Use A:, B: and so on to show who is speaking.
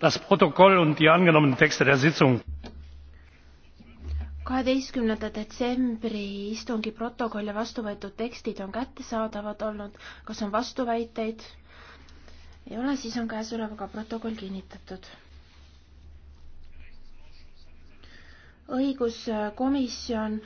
A: das protokoll und die angenommenen texte der sitzung.
B: 12. detsembri istungi protokoll ja vastu võetud tekstid on kättesaadavad olnud kas on vastuväiteid ei ole siis on käesolevaga protokoll kinnitatud õiguskomisjon